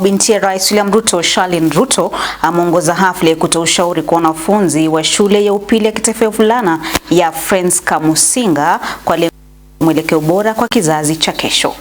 Binti Rais William Ruto, Charlene Ruto ameongoza hafla ya kutoa ushauri kwa wanafunzi wa shule ya upili ya kitaifa ya wavulana ya Friends Kamusinga kwa lengo la mwelekeo bora kwa kizazi cha kesho.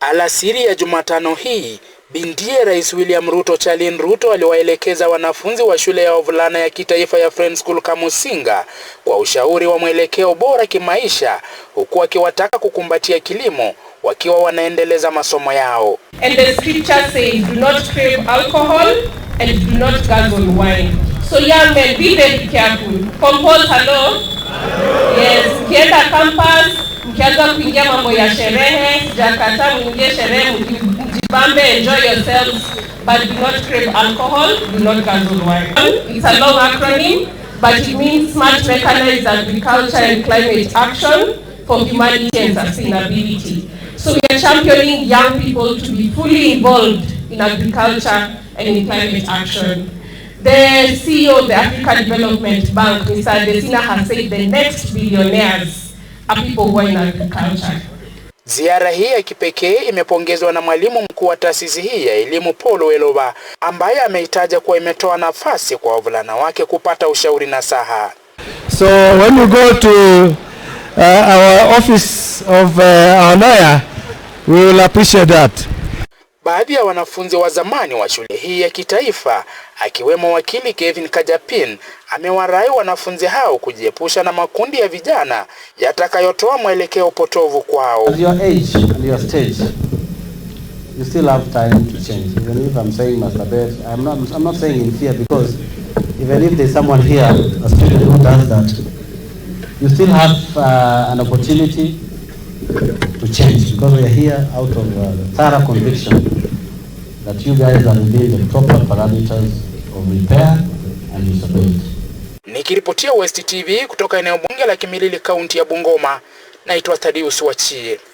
Alasiri ya Jumatano hii Bindiye Rais William Ruto Chalin Ruto aliwaelekeza wanafunzi wa shule ya wavulana ya kitaifa ya Friends School Kamusinga kwa ushauri wa mwelekeo bora kimaisha, huku akiwataka kukumbatia kilimo wakiwa wanaendeleza masomo yao. And the scripture say do not crave alcohol and do not gamble wine. So young men, be very careful. Compose, hello? Yes, mkienda campus, mkianza kuingia mambo ya sherehe, jakata mwingie sherehe mkivu Bambe, enjoy yourselves, but do not crave alcohol, do not gamble. wine. It's a long acronym, but it means smart mechanized agriculture and climate action for humanity and sustainability. So we are championing young people to be fully involved in agriculture and in climate action. The CEO of the Africa Development Bank, Mr. Desina, has said the next billionaires are people who are in agriculture. Ziara hii ya kipekee imepongezwa na mwalimu mkuu wa taasisi hii ya elimu Paul Welova ambaye ameitaja kuwa imetoa nafasi kwa wavulana wake kupata ushauri na saha. So when you go to uh, our office of uh, our lawyer we will appreciate that baadhi ya wanafunzi wa zamani wa shule hii ya kitaifa akiwemo wakili Kevin Kajapin amewarai wanafunzi hao kujiepusha na makundi ya vijana yatakayotoa mwelekeo potovu kwao. As your age and your stage, you still have time to change. Even if I'm saying Beth, I'm not, I'm not saying in fear because even if there's someone here, a student who does that, you still have uh, an opportunity to change because we are here out of uh, thorough conviction that you guys are within the proper parameters of repair and disability. Nikiripotia West TV kutoka eneo bunge la Kimilili, kaunti ya Bungoma, naitwa Thadius Wachie.